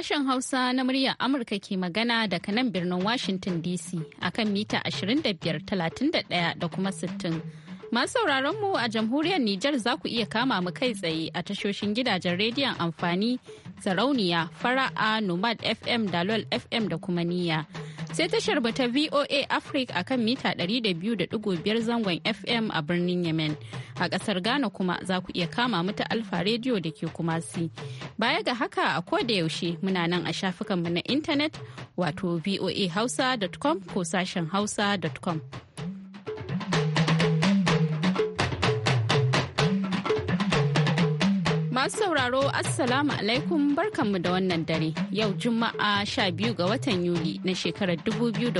Sashen Hausa na muryar Amurka ke magana daga nan birnin Washington DC akan mita 25, 31 da kuma 60. Masu sauraron mu a jamhuriyar Nijar za ku iya kama mu kai tsaye a tashoshin gidajen rediyon amfani sarauniya fara'a nomad fm dalol fm da kuma niyya. Sai tashar ta VOA Africa a kan mita 200.5 zangon FM a birnin Yemen. A ƙasar Ghana kuma za ku iya kama mu ta Alfa rediyo da ke Kumasi. Baya ga haka a da yaushe muna nan a shafukanmu na intanet wato voahausa.com ko sashen hausa.com. Masu sauraro Assalamu alaikum barkanmu da wannan dare yau Juma'a 12 ga watan Yuli na shekarar 2019.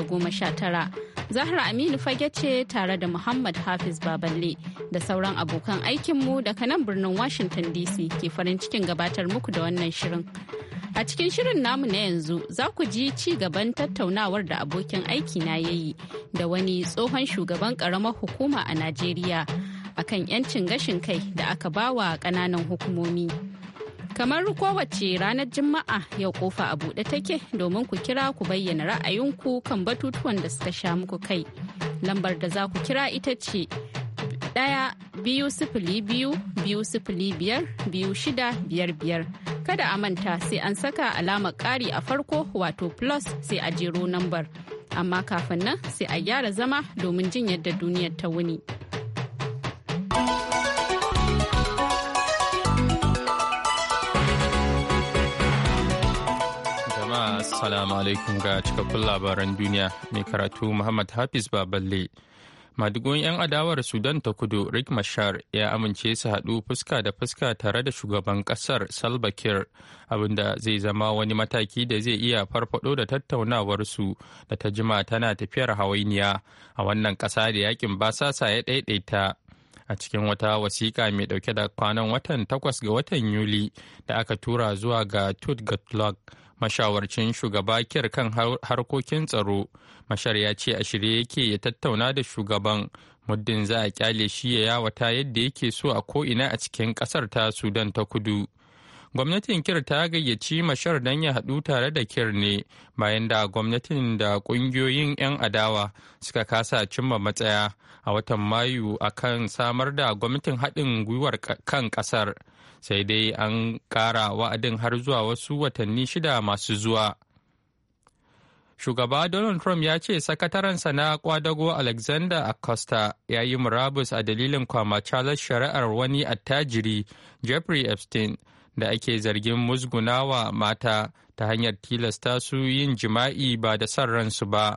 Zahra Aminu fage ce tare da Muhammad Hafiz Baballe da sauran abokan aikinmu daga nan birnin Washington DC ke farin cikin gabatar muku da wannan shirin. A cikin shirin namu na yanzu za ku ji ci gaban tattaunawar da abokin aiki na yayi da wani tsohon shugaban ƙaramar hukuma a Najeriya. akan 'yancin gashin kai da aka bawa ƙananan hukumomi. Kamar kowace ranar Juma'a yau kofa a buɗe take domin ku kira ku bayyana ra'ayinku kan batutuwan da suka sha muku kai. Lambar da za ku kira ita ce ɗaya biyu sifili biyu biyu sifili biyar biyu shida biyar biyar. Kada a manta sai an saka alamar ƙari a farko wato plus sai a jero nambar. Amma kafin nan sai a gyara zama domin jin yadda duniyar ta wuni. Assalamu alaikum ga cikakkun labaran duniya mai karatu Muhammad Hafiz Baballe. Madugun 'yan adawar Sudan ta kudu Rick Mashar ya amince su haɗu fuska da fuska tare da shugaban ƙasar Salva Kiir abinda zai zama wani mataki da zai iya farfaɗo da tattaunawar su da ta jima tana tafiyar hawainiya a wannan ƙasa da yakin basasa ya ɗaiɗaita. a cikin wata wasiƙa mai ɗauke da kwanan watan takwas ga watan yuli da aka tura zuwa ga tut mashawarcin shugaba kyar kan harkokin tsaro mashar ya ce a shirye yake ya tattauna da shugaban muddin za a kyale shi ya yawata yadda yake so a ko'ina a cikin kasar ta sudan ta kudu gwamnatin kir ta gayyaci mashar don ya haɗu tare da kir ne bayan da gwamnatin da ƙungiyoyin 'yan adawa suka kasa cimma matsaya a watan mayu akan samar da gwamnatin haɗin gwiwar kan ƙasar sai dai an ƙara wa'adin har zuwa wasu watanni shida masu zuwa shugaba donald trump ya ce sakatarensa na kwadago alexander acosta ya yi murabus a dalilin kwamacalar shari'ar wani attajiri jeffrey epstein da ake zargin musgunawa mata ta hanyar tilasta su yin jima'i ba da son ransu ba.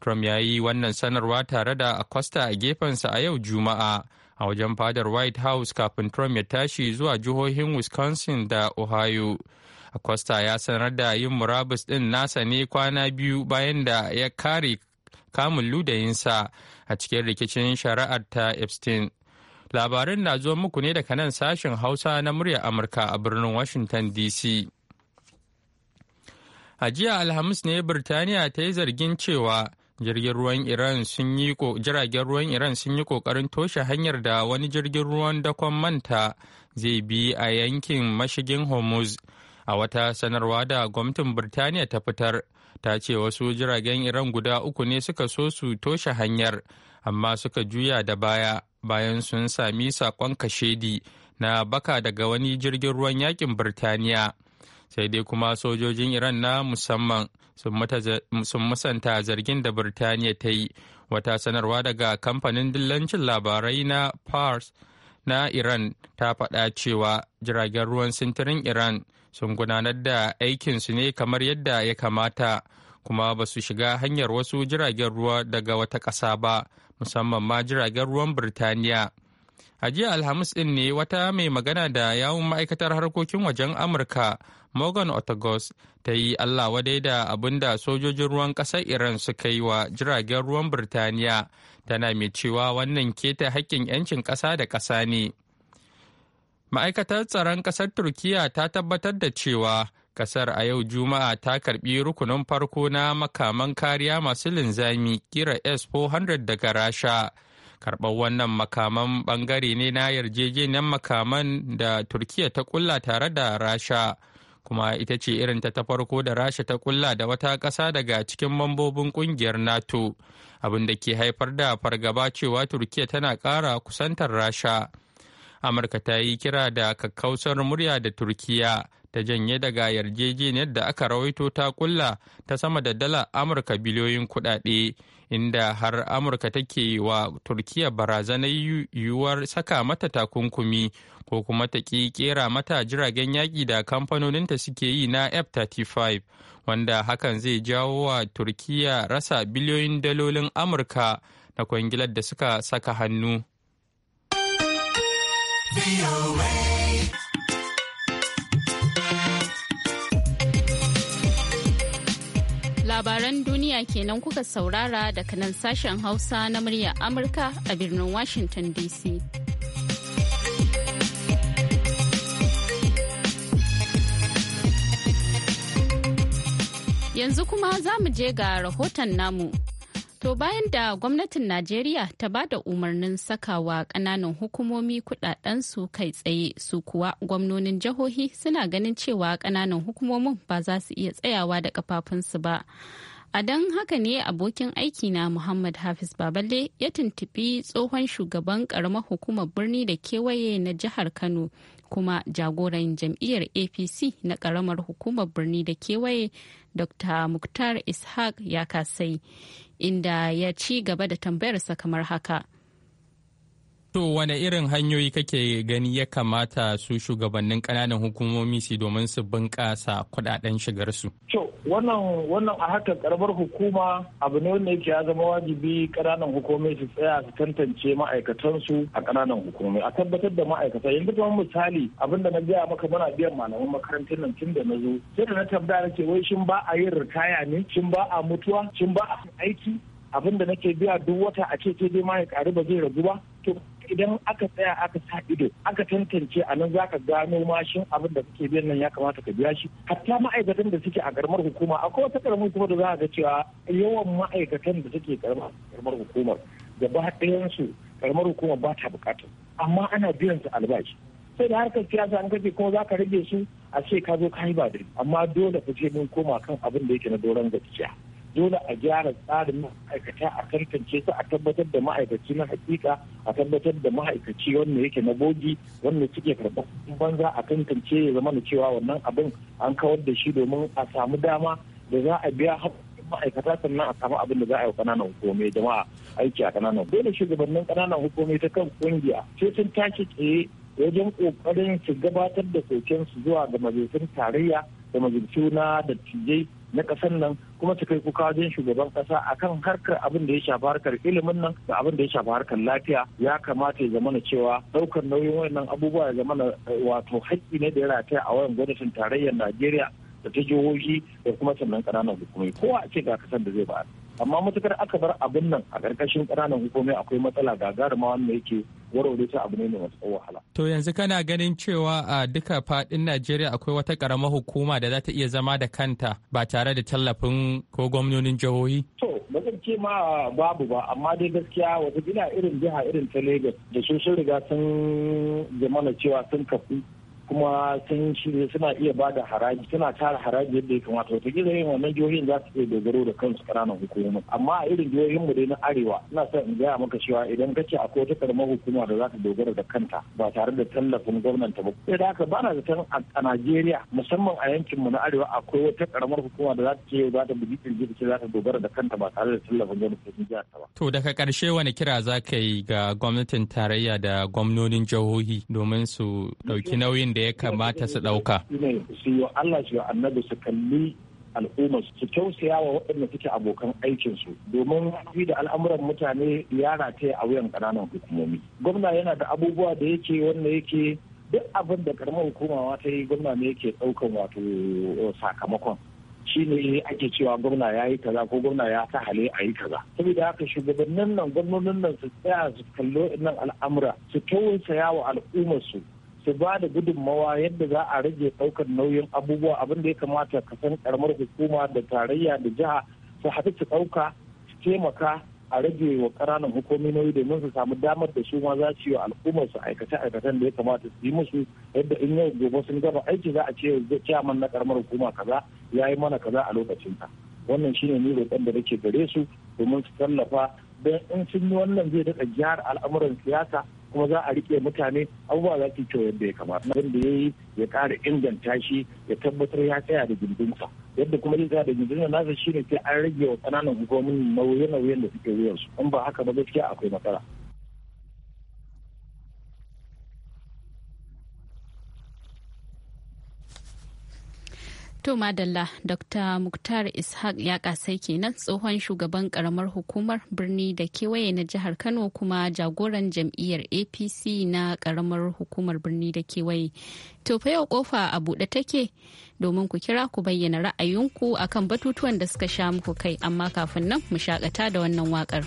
Trump ya yi wannan sanarwa tare da Acosta a gefensa a yau Juma'a a wajen fadar White House kafin Trump ya tashi zuwa jihohin Wisconsin da Ohio. Acosta ya sanar da yin murabus ɗin nasa ne kwana biyu bayan da ya kare kamun ludayinsa a cikin rikicin shari'ar ta Epstein. labarin na zo muku ne daga nan sashen hausa na muryar amurka a birnin washington dc a jiya alhamis ne birtaniya ta yi zargin cewa jirgin ruwan iran sun yi jiragen ruwan iran sun yi kokarin toshe hanyar da wani jirgin ruwan dakon manta zai bi a yankin mashigin hormuz a wata sanarwa da gwamnatin birtaniya ta fitar ta ce wasu jiragen iran guda uku ne suka so su toshe hanyar amma suka juya da baya bayan sun sami saƙon kashedi na baka daga wani jirgin ruwan yakin birtaniya sai dai kuma sojojin iran na musamman sun musanta zargin da birtaniya ta yi wata sanarwa daga kamfanin dillancin labarai na pars na iran ta faɗa cewa jiragen ruwan sintirin iran sun gudanar da aikinsu ne kamar yadda ya kamata kuma ba su shiga hanyar wasu jiragen ruwa daga wata ƙasa ba musamman ma jiragen ruwan Birtaniya. A jiya Alhamis ɗin ne wata mai magana da yawun ma'aikatar harkokin wajen Amurka Morgan Otagos ta yi Allah wadai da abin da sojojin ruwan ƙasar Iran suka yi wa jiragen ruwan Birtaniya tana mai cewa wannan keta haƙƙin 'yancin ƙasa da ƙasa ne. Ma'aikatar tsaron ƙasar Turkiya ta tabbatar da cewa Kasar a yau Juma'a ta karbi rukunin farko na makaman kariya masu linzami kira S-400 daga Rasha. Karɓar wannan makaman ɓangare ne na yarjejeniyar makaman da Turkiya ta kulla tare da Rasha. kuma ita ce irin ta farko da rasha ta kulla da wata ƙasa daga cikin mambobin ƙungiyar nato abin da ke haifar da fargaba cewa turkiya tana ƙara kusantar rasha amurka ta yi kira da kakkausar murya da turkiya ta janye daga yarjejeniyar da aka rawaito ta kulla ta sama da dala amurka biliyoyin kudade inda har amurka take wa turkiya barazanar yiwuwar saka mata takunkumi ko kuma ta ki kera mata jiragen yaƙi da kamfanoninta suke yi na f-35 wanda hakan zai jawo wa turkiya rasa biliyoyin dalolin amurka na kwangilar da suka saka hannu. labaran duniya kenan kuka saurara daga nan sashen Hausa na murya Amurka a birnin Washington DC. Yanzu kuma za mu je ga rahoton namu. To bayan da gwamnatin Najeriya ta ba da umarnin sakawa kananan hukumomi su kai tsaye su kuwa gwamnonin jihohi suna ganin cewa kananan hukumomin ba za su iya tsayawa da kafafunsu ba. A don haka ne abokin aikina Muhammad Hafiz Baballe ya tuntubi tsohon shugaban karamar hukumar birni da kewaye na jihar Kano kuma jagoran jam'iyyar APC na karamar hukumar birni da kewaye Dr. Muktar Ishaq ya kasai inda ya ci gaba da tambayarsa kamar haka. To wane irin hanyoyi kake gani ya kamata su shugabannin ƙananan hukumomi su domin su bunƙasa kuɗaɗen shigarsu? To wannan a haka karamar hukuma abu ne wanda yake ya zama wajibi ƙananan hukumomi su tsaya su tantance ma'aikatansu a ƙananan hukumomi a tabbatar da ma'aikata yanzu kuma misali abin da na gaya maka muna biyan malaman makarantar nan tun da na zo sai da na tambaya na ce wai shin ba a yin ritaya ne shin ba a mutuwa shin ba a aiki abin da nake biya duk wata a ce ce dai ma ba zai ragu ba idan aka tsaya aka sa ido aka tantance a nan zaka gano mashin abin da suke biyan nan ya kamata ka biya shi hatta ma'aikatan da suke a karamar hukuma akwai wata karamar hukuma da za ga cewa yawan ma'aikatan da suke karamar hukumar gaba ɗayan su karamar hukuma ba ta bukata amma ana biyan su albashi sai da harkar siyasa an kace kuma za ka rage su a ce ka zo ka yi ba amma dole ka je mun koma kan abin da yake na doron gaskiya dole a gyara tsarin ma'aikata a tantance su a tabbatar da ma'aikaci na hakika a tabbatar da ma'aikaci wanda yake na bogi wanda suke karɓar banza a tantance ya zama da cewa wannan abin an kawar da shi domin a samu dama da za a biya ma'aikata sannan a samu abin da za a yi ƙananan hukumomi jama'a aiki a ƙananan dole shugabannin ƙananan hukumomi ta kan ƙungiya sai sun tashi tsaye wajen ƙoƙarin su gabatar da kokensu zuwa ga majalisun tarayya da majalisu na dattijai na ƙasar nan kuma ta kai kuka wajen shugaban ƙasa akan harkar abin da ya shafi harkar ilimin nan da abin da ya shafi harkar lafiya ya kamata ya zamana cewa ɗaukar nauyin wannan abubuwa ya zamana eh, wato haƙƙi ne da ya rataya a wayan gwamnatin tarayyar Najeriya da ta jihohi da kuma sannan ƙananan hukumai kowa a ce ga kasar da zai ba amma matukar aka bar abin nan a karkashin ƙananan hukumai akwai matsala gagaruma wanda yake warware ta abu ne mai masu wahala. To yanzu kana ganin cewa a duka faɗin Najeriya akwai wata ƙaramar hukuma da za ta iya zama da kanta ba tare da tallafin ko gwamnonin jihohi? To ce ma babu ba amma dai gaskiya wata gina irin jiha irin ta Lagos da su sun riga sun zamana cewa sun kafu kuma sun shirya suna iya ba da haraji suna tara haraji yadda ya kamata wata gida yin wannan jihohin za su iya dogaro da kansu ƙananan hukumomin amma a irin jihohin mu dai na arewa ina son in gaya maka cewa idan ka ce akwai wata karamar hukuma da za ta dogara da kanta ba tare da tallafin gwamnati ba sai da haka ba na tan a Najeriya musamman a yankin mu na arewa akwai wata karamar hukuma da za ta ce za ta bugi kirji ce za ta dogara da kanta ba tare da tallafin gwamnatin jihar ta ba. To daga karshe wani kira za ka yi ga gwamnatin tarayya da gwamnonin jihohi domin su ɗauki nauyin da ya kamata su ɗauka? Su yi Allah su yi annabi su kalli al'ummar su tausaya wa waɗanda suke abokan aikinsu domin fi da al'amuran mutane ya rataya a wuyan ƙananan hukumomi. Gwamna yana da abubuwa da yake wanda yake duk abin da karamar hukuma ta yi gwamna ne yake ɗaukan wato uh, sakamakon. shi ne ake cewa gwamna ya yi kaza ko gwamna ya ta hale a yi kaza saboda haka shugabannin nan gwamnonin nan su tsaya su kallo nan al'amura su tausaya wa al'ummar su su ba da gudunmawa yadda za a rage ɗaukar nauyin abubuwa abin da ya kamata ka san karamar hukuma da tarayya da jiha su haɗu su ɗauka su taimaka a rage wa ƙananan hukumomi nauyi domin su samu damar da su ma za su yi wa al'ummar su aikace aikacen da ya kamata su yi musu yadda in yau gobe sun gaba aiki za a ce ciyaman na karamar hukuma kaza ya yi mana kaza a lokacin ta wannan shine ne roƙon da nake gare su domin su tallafa don in sun yi wannan zai daɗa gyara al'amuran siyasa kuma za a rike mutane abubuwa za su kyau yadda ya kamata wanda ya yi ya ƙara inganta shi ya tabbatar ya tsaya da gindinsa yadda kuma zai tsaya da na nasa shi ne sai an rage wa ƙananan hukumomin nauye-nauyen da suke wuyansu in ba haka ba gaskiya akwai matsala. To Madalla, Dr. Muktar Ishaq ya kasai kenan tsohon shugaban karamar hukumar birni da kewaye na jihar Kano kuma jagoran jam'iyyar APC na karamar hukumar birni da kewaye. To fa yau kofa a buɗe take domin ku kira ku bayyana ra'ayinku akan batutuwan da suka sha muku kai amma kafin nan mu shakata da wannan waƙar.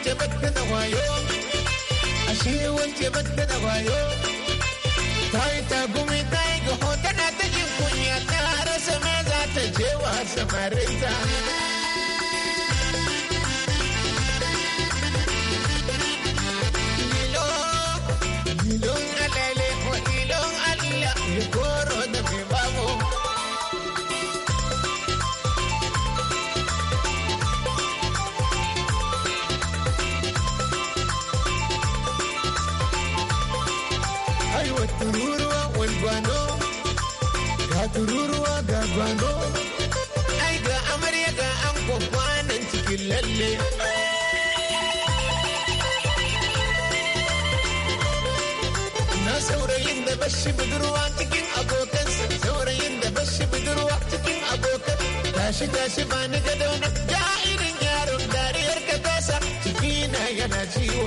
wance batta da wayo ashe wance batta da wayo ta yi tagumi ta yi gaho tana ta jin kunya ta rasa ma za ta je wa samarinta da bashi budurwa cikin abokansa saurayin da bashi budurwa cikin abokan tashi tashi ba ni gado na ya irin yaron dariyar ka tasa ciki na yana ciwo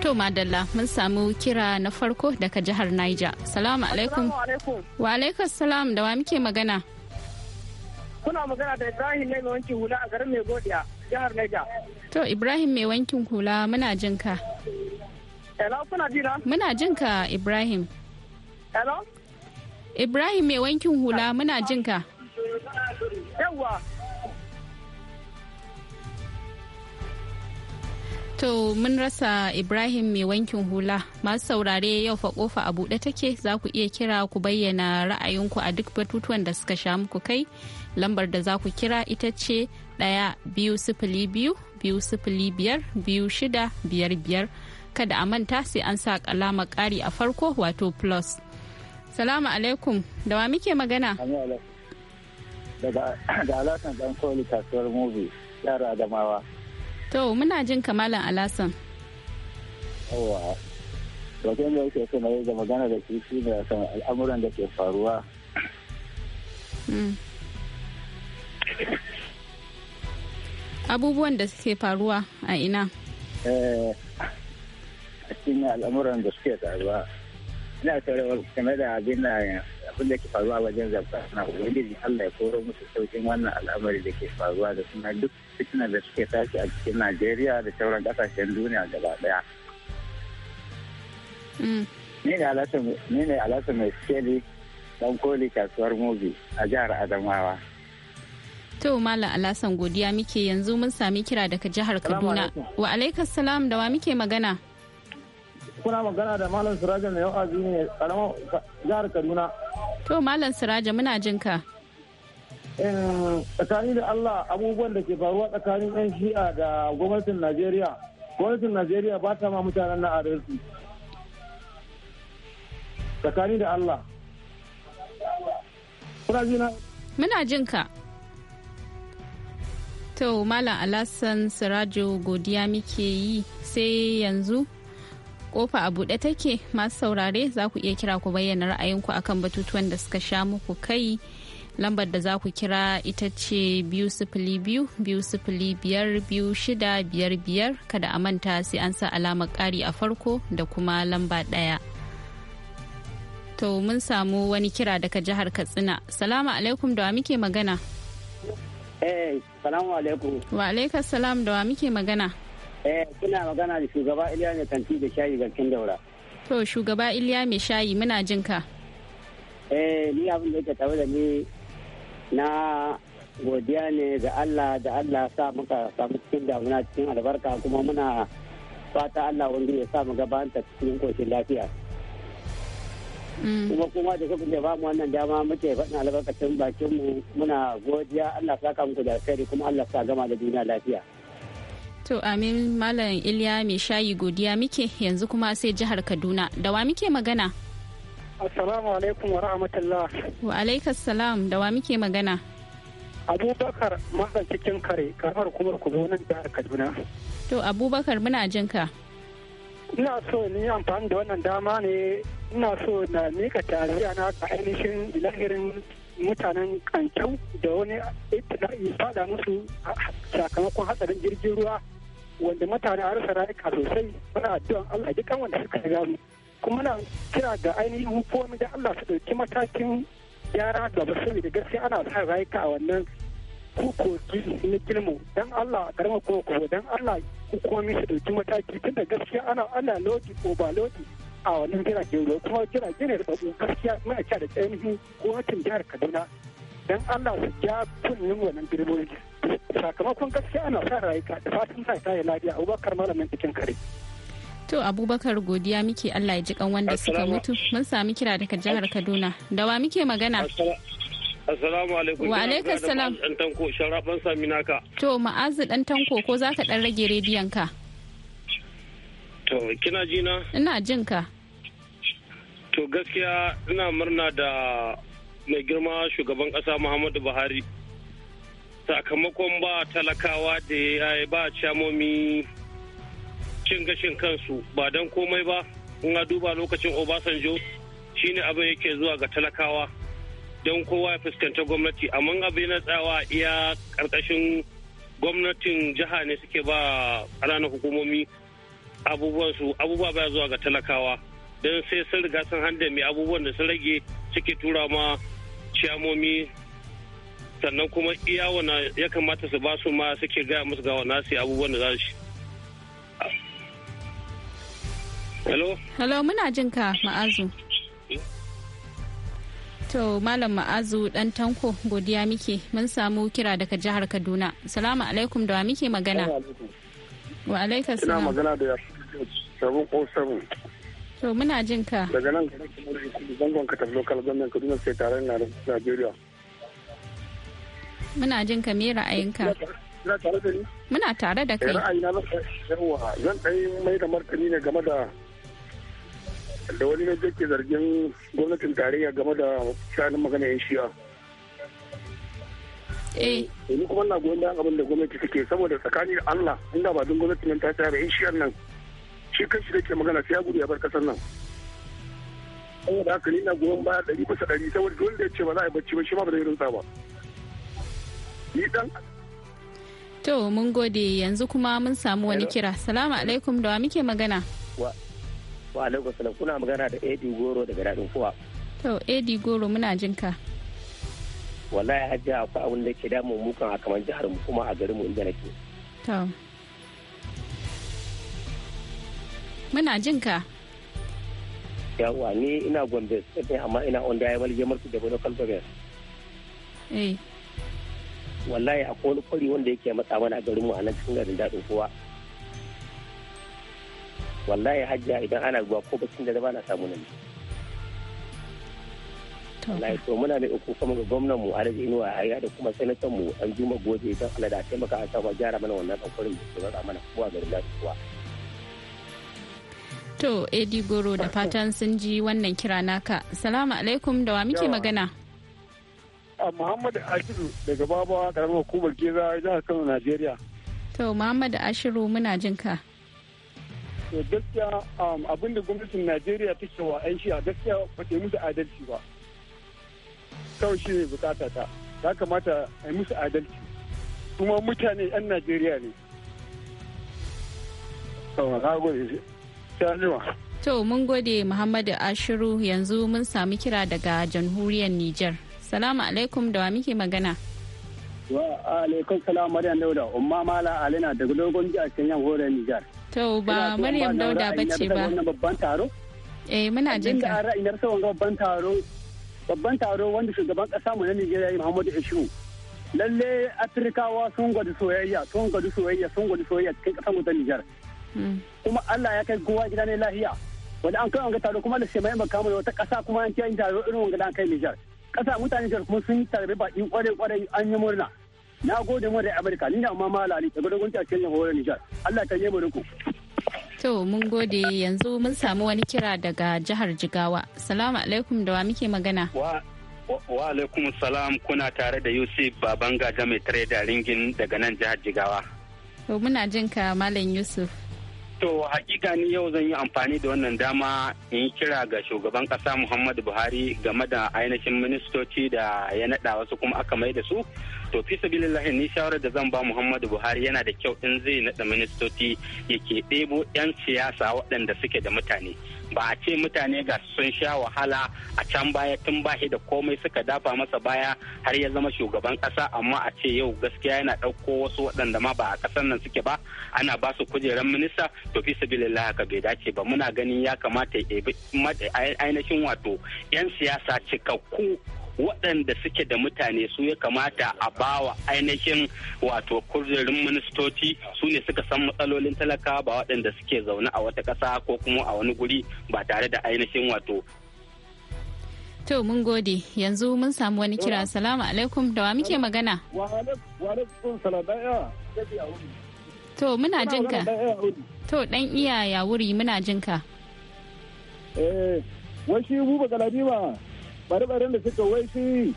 To Madalla mun samu kira na farko daga jihar Niger. Salamu alaikum. Wa alaikum salam da wa muke magana? Kuna magana da Ibrahim ne mai wankin hula a garin Mai Godiya, jihar Niger. To Ibrahim mai wankin hula muna jin ka. Hello kuna ji na? Muna jin ka Ibrahim. Hello? Ibrahim mai wankin hula muna jin ka. Yawwa, To mun rasa Ibrahim mai wankin hula masu saurare yau fa kofa a buɗe take za ku iya kira ku bayyana ra'ayinku a duk batutuwan da suka sha muku kai lambar da za ku kira ita ce ɗaya biyu sifili biyu biyu sifili biyar biyu shida biyar biyar kada a manta sai an sa kalama ƙari a farko wato plus. Salamu alaikum da wa muke magana? Daga alaƙan ɗan koli kasuwar mobi yara adamawa. to muna jin kamalan alasan yawa wajen da yake yi ga magana da shi shi ne kan al'amuran da ke faruwa hmm. abubuwan da suke faruwa a ina eh, a cikin al'amuran da suke faruwa ina tare game da abin da abin da ke faruwa wajen zabba na ubangiji allah ya koro musu saukin wannan al'amari da ke faruwa da suna duk fitina da suke tashi a cikin najeriya da sauran kasashen duniya gaba daya mm. ni ne alasa mai sikeli don koli kasuwar mobi a jihar adamawa to mala alasan godiya muke yanzu mun sami kira daga jihar kaduna wa alaikar salam da wa muke magana kuna magana da malam surajan na yau a ne karamar jihar kaduna To Malam Siraja muna jin ka. Eh, tsakani da Allah abubuwan da ke faruwa tsakanin 'yan shi'a da gwamnatin Najeriya. Gwamnatin Najeriya ba ta ma mutanen na adalci. Tsakani da Allah. Muna jin ka. To Malam Alassan Sirajo godiya muke yi sai yanzu kofa a buɗe take masu saurare za ku iya kira ku bayyana ra'ayinku akan batutuwan da suka sha muku kai lambar da za ku kira ita ce biyu sifili biyu biyu sifili biyar biyu shida biyar biyar kada a manta sai an sa alamar ƙari a farko da kuma lamba ɗaya to mun samu wani kira daga jihar katsina salamu alaikum da wa muke magana eh salamu alaikum wa alaikas salam da wa muke magana Eh, kuna magana da shugaba Iliya mai kanti da shayi garkin daura. To, shugaba Iliya mai shayi muna jin ka. Eh, ni abin da yake tare da ni na godiya ne ga Allah da Allah sa muka samu cikin damuna cikin albarka kuma muna fata Allah wanda ya sa mu gabanta cikin koshin lafiya. Mm. kuma kuma da kuka ba mu wannan dama muke faɗin albarkacin bakin mu muna godiya Allah saka muku da alkhairi kuma Allah sa gama da duniya lafiya. To amin Malam Iliya mai shayi godiya muke yanzu kuma sai jihar Kaduna. Da wa muke magana? Assalamu alaikum wa rahmatullah. Wa alaikas salam da wa muke magana? Abubakar Matsan cikin kare karamar kumar nan jihar Kaduna. To Abubakar muna jin ka. Ina so ni amfani da wannan dama ne ina so na mika tarihi na ka ainihin lahirin mutanen kancau da wani itila'i fada musu sakamakon hatsarin jirgin ruwa wanda mutane a rasa rayuka sosai muna addu'an Allah duk wanda suka riga mu kuma na kira ga ainihin hukumomi da Allah su dauki matakin gyara da ba gaba da gaskiya ana sa rayuka a wannan kukoki na kilmu dan Allah a karama koko dan Allah hukumomi su dauki mataki tunda gaskiya ana ana lodi ko ba lodi a wannan jiragen ruwa kuma jiragen ne da gaskiya muna kira da ainihin gwamnatin jihar Kaduna dan Allah su ja kunnin wannan birnin sakamakon gaskiya ana sa rayuka da fatan sa ta yi lafiya abubakar malamin cikin kare to abubakar godiya muke allah ya ji kan wanda suka mutu mun sami kira daga jihar kaduna da wa muke magana Assalamu alaikum. Wa alaikum salam. Dan tanko sharaban sami naka. To ma'azu dan tanko ko zaka dan rage rediyon ka? To kina ji na? Ina jin ka. To gaskiya ina murna da mai girma shugaban kasa Muhammadu Buhari sakamakon ba talakawa da ya ba shamomi cin gashin kansu ba don komai ba in a duba lokacin obasanjo shine abin yake zuwa ga talakawa don kowa ya fuskanta gwamnati amma abin na tsawa iya karkashin gwamnatin jiha ne suke ba ƙananan hukumomi abubuwan su abubuwa baya zuwa ga talakawa don sai sun riga sun handa mai abubuwan da sun rage suke tura ma ciyamomi sannan kuma iya wana ya kamata su ba su ma suke gaya musu ga wana su abubuwan da za su hello hello muna jin ka ma'azu to malam ma'azu ɗan tanko godiya muke mun samu kira daga jihar kaduna salamu alaikum da wa muke magana wa alaikar ina magana da yasu ko sabon to muna jin ka daga nan zangon katab lokal government kaduna sai tare na najeriya Muna jin ka me ra'ayinka? Muna tare da Muna tare da kai. Eh, ra'ayina na yawa zan ɗan mai da martani ne game da da wani na ke zargin gwamnatin tarayya game da shanin magana yan shiya eh. eh. Ni kuma na goyon da abin da gwamnati take saboda tsakani da Allah inda ba don gwamnati nan ta tsaya da yan shiyar nan shi kan shi da ke magana sai ya gudu ya bar kasar nan. Saboda haka ni na goyon baya ɗari bisa ɗari saboda dole da ya ce ba za a yi bacci ba shi ma ba zai rinsa ba. ni To mun gode yanzu kuma mun samu wani kira. Salamu alaikum da wa muke magana. Wa alaikum salam kuna magana da Edi Goro daga daɗin kowa. To Edi Goro muna jin ka. Wallahi hajji akwai abin da ke damun mukan a kamar jihar mu kuma a garin mu inda nake. To. Muna jin ka. Yawwa ni ina Gombe amma ina on da ya wani jamar su da wani kalbar. Eh. wallahi akwai wani kwari wanda yake matsa mana a garinmu a nan cikin garin daɗin kowa wallahi hajja idan ana zuwa ko bacin da na samu nan wallahi to muna mai uku kuma ga gwamnanmu a da inuwa a da kuma sanatan mu an juma goje idan Allah da taimaka a sama gyara mana wannan ɗaukarin da ke matsa mana kowa garin daɗin kowa. To, Edi Goro da fatan sun ji wannan kira naka. Salamu alaikum da wa muke magana? Muhammad Ashiru daga Babawa karamar hukumar Geza jihar Kano Najeriya. To Muhammad Ashiru muna jin ka. To gaskiya um, abin da gwamnatin Najeriya take wa 'yan a gaskiya ba ta yi musu adalci ba. Kawai shi ne bukata ta. Ya kamata a yi musu adalci. Kuma mutane 'yan Najeriya ne. To mun gode Muhammadu Ashiru yanzu mun sami kira daga jamhuriyar Nijar. Salamu alaikum da wa muke magana. Wa alaikum salamu Maryam Dauda, umma mala alina daga dogon jihar Kenya horon Nijar. To ba Maryam Dauda bace ba. Ina babban taro? Eh muna jin ka. Ina ra'ayin rasa wanga babban taro. Babban taro wanda shugaban kasa mu na Nijar Muhammadu Ishu. Lalle Afirkawa sun gwada soyayya, sun gwada soyayya, sun gwada soyayya cikin kasa mu ta Nijar. Hmm. Kuma Allah ya kai kowa gida ne lahiya. Wanda an kai wanga taro kuma da shemai makamu wata kasa kuma an kiyaye taro irin wanga da an kai Nijar. kasa mutane da kuma sun yi tarbe bakin kwarai kwarai an yi murna na gode mu da amurka ni da mama lali da dogon ta cikin horon nijar allah ta yi ku. to mun gode yanzu mun samu wani kira daga jihar jigawa salamu alaikum da wa muke magana wa alaikum salam kuna tare da yusuf babanga mai tare da ringin daga nan jihar jigawa to muna jin ka malam yusuf To hakika ni yau zan yi amfani da wannan dama in kira ga shugaban kasa Muhammadu Buhari game da ainihin ministoci da ya naɗa wasu kuma aka mai da su. To fi sabilillahi ni shawarar da zan ba Muhammadu Buhari yana da kyau in zai naɗa ministoci yake ɗebo 'yan siyasa waɗanda suke da mutane. ba a ce mutane ga sun sha wahala a can baya tun bashi da komai suka dafa masa baya har ya zama shugaban kasa amma a ce yau gaskiya yana ɗauko wasu waɗanda ma ba a ƙasar nan suke ba ana ba su kujerar minista to fi sabilillah haka bai dace ba muna ganin ya kamata ainihin wato 'yan siyasa cikakku waɗanda suke da mutane su ya kamata a bawa ainihin wato kujerin ministoci su ne suka san matsalolin talaka ba waɗanda suke zaune a wata ƙasa ko kuma a wani guri ba tare da ainihin wato To mun gode yanzu mun samu wani kira salamu alaikum da wa muke magana. To muna jinka. To dan iya ya wuri muna jinka. Eh, wasu shi buba galabi ba. bari barin da suka wai shi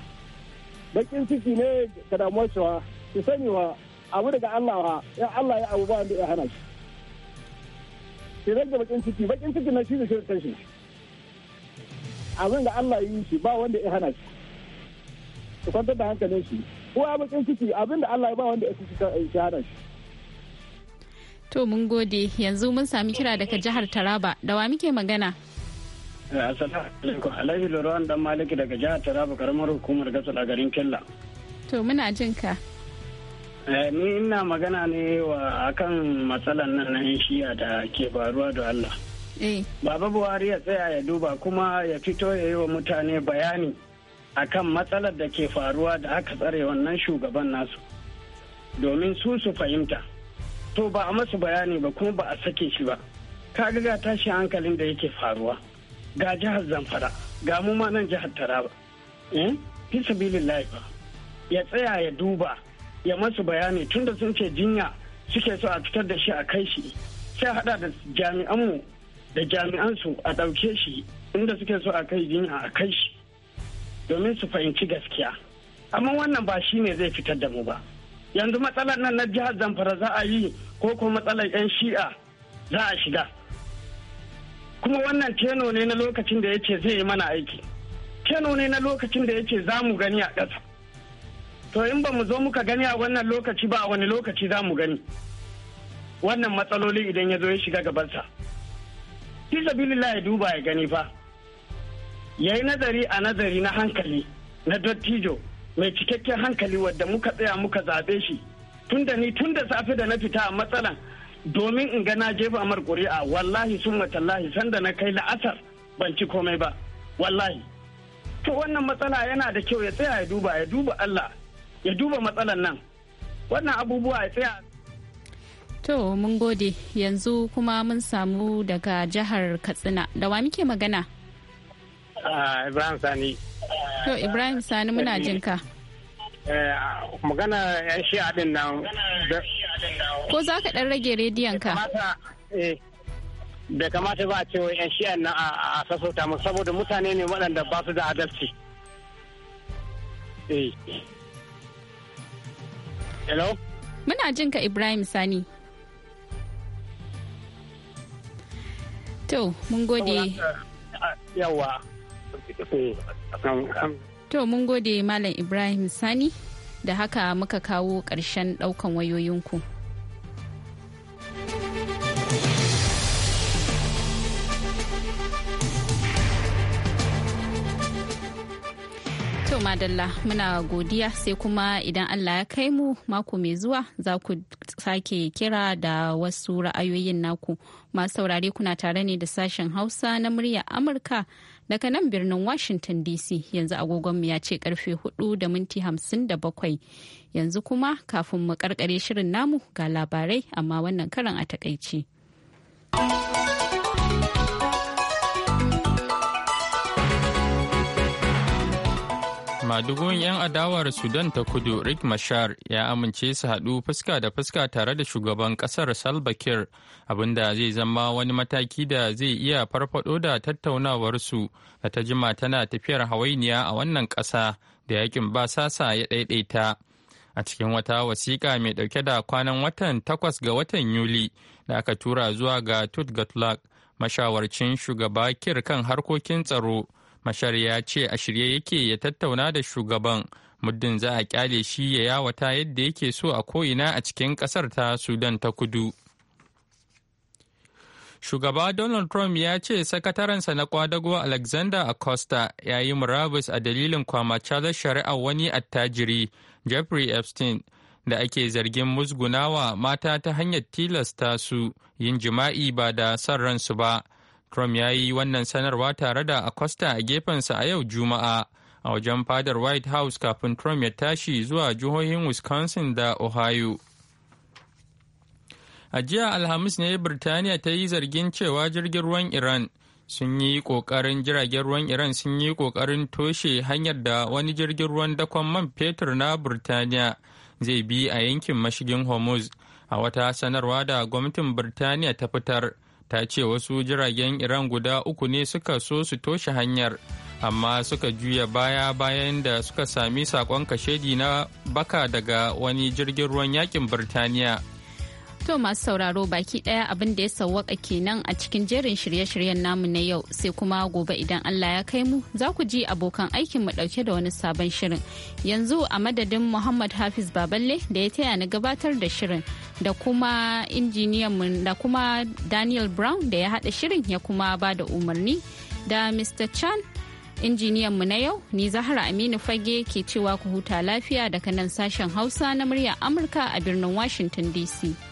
bakin ciki ne ka damuwar shi wa su sani wa abu daga Allah wa ya Allah ya abu ba wanda ya hana shi shi rage bakin ciki bakin ciki na shi da shi kanshi abin da Allah ya yi shi ba wanda ya hana shi su kwantar da hankalin shi ko a bakin ciki abin da Allah ya ba wanda ya hana shi to mun gode yanzu mun sami kira daga jihar Taraba da wa muke magana Eh, Alhaji Lurwan dan Maliki daga jihar Taraba karamar hukumar Gatsal a garin Killa. To muna jin ka. Eh, ni ina magana ne wa akan matsalan nan na shiya da ke faruwa da Allah. Eh. Baba Buhari ya tsaya ya duba kuma ya fito ya yi wa mutane bayani akan matsalar da ke faruwa da aka tsare wannan shugaban nasu. Domin su su fahimta. To ba a masu bayani ba kuma ba a sake shi ba. Ka ga tashi hankalin da yake faruwa. ga jihar zamfara ga mu ma nan jihar taraba eh? fi sabilillahi ba ya tsaya ya duba ya masu bayani tunda sun ce jinya suke so a fitar da shi a kai shi sai hada da jami'anmu da jami'ansu a ɗauke shi inda suke so a kai jinya a kai shi domin su fahimci gaskiya amma wannan ba shi ne zai fitar da mu ba yanzu matsalar nan na jihar zamfara za a yi ko kuma matsalar 'yan shi'a za a shiga kuma wannan teno ne na lokacin da yace zai yi mana aiki teno ne na lokacin da yace za mu gani a ƙasa to in ba mu zo muka gani a wannan lokaci ba a wani lokaci za mu gani wannan matsaloli idan ya zo ya shiga gabansa fisabilillah ya duba ya gani fa ya yi nazari a nazari na hankali na dattijo mai cikakken hankali wadda muka tsaya muka zaɓe shi tunda ni tun da safe da na fita a matsalan domin in ga na jefa amar ƙuri'a wallahi sun matallahi sanda na kai la'asar ban ci komai ba wallahi to wannan matsala yana da kyau ya tsaya ya duba ya duba Allah ya duba matsalan nan wannan abubuwa ya tsaya to mun gode yanzu kuma mun samu daga jihar Katsina da wa muke magana ah, Ibrahim Sani to Ibrahim Sani muna jinka eh, magana 'yan shi'a din nan Ko za ka ɗan rage rediyon ka? Bai kamata ba a cewa 'yan shi'an nan a sassauta mu saboda mutane ne waɗanda ba su da adalci. Eh. Hello? Muna jin ka Ibrahim Sani. To, mun gode. Yawa. To, mun gode Malam Ibrahim Sani. da haka muka kawo ƙarshen ɗaukan wayoyinku. madalla muna godiya sai kuma idan Allah ya kai mu mako mai zuwa za ku sake kira da wasu ra'ayoyin naku masu saurare kuna tare ne da sashen hausa na muryar amurka Daga nan birnin Washington DC yanzu agogonmu ya ce karfe 4 da minti 57 yanzu kuma kafin mu karkare shirin namu ga labarai amma wannan karan a takaici. madugun 'yan adawar sudan ta kudu rick mashar ya amince su haɗu fuska da fuska tare da shugaban ƙasar salva kiir abinda zai zama wani mataki da zai iya farfado da tattaunawarsu da ta jima tana tafiyar hawainiya a wannan ƙasa da yakin ba sasa ya ɗaiɗaita a cikin wata wasiƙa mai ɗauke da kwanan watan takwas ga watan yuli da aka tura zuwa ga tut gatlak mashawarcin shugaba kir kan harkokin tsaro Mashar ya ce a shirye yake ya tattauna da shugaban muddin za a kyale shi ya yawata yadda yake so a ko'ina a cikin kasar ta Sudan ta kudu. Shugaba Donald Trump ya ce sakatarensa na kwadago Alexander Acosta ya yi murabus a dalilin kwamacalar shari'a wani attajiri Jeffrey Epstein da ake zargin musgunawa mata ta hanyar tilasta su yin jima'i ba da son ransu ba Trump ya yi wannan sanarwa tare da Acosta a gefensa a yau Juma'a a wajen fadar White House kafin Trump ya tashi zuwa jihohin Wisconsin da Ohio. A jiya Alhamis ne Birtaniya ta yi zargin cewa jirgin ruwan Iran sun yi ƙoƙarin jiragen ruwan Iran sun yi ƙoƙarin toshe hanyar da wani jirgin ruwan dakon man fetur na Birtaniya zai bi a yankin mashigin Hormuz a wata sanarwa da gwamnatin Birtaniya ta fitar. ta ce wasu jiragen Iran guda uku ne suka so su toshe hanyar, amma suka juya baya bayan da suka sami saƙon kashedi na baka daga wani jirgin ruwan yakin Birtaniya. To masu sauraro baki daya abin da ya sawwaka kenan a cikin jerin shirye-shiryen namu na yau sai kuma gobe idan Allah ya kai mu za ku ji abokan aikin mu dauke da wani sabon shirin. Yanzu a madadin Muhammad Hafiz Baballe da ya taya ni gabatar da shirin da kuma injiniyan mu da kuma Daniel Brown da ya hada shirin ya kuma ba da umarni da Mr. Chan injiniyan mu na yau ni Zahra Aminu Fage ke cewa ku huta lafiya daga nan sashen Hausa na muryar Amurka a birnin Washington DC.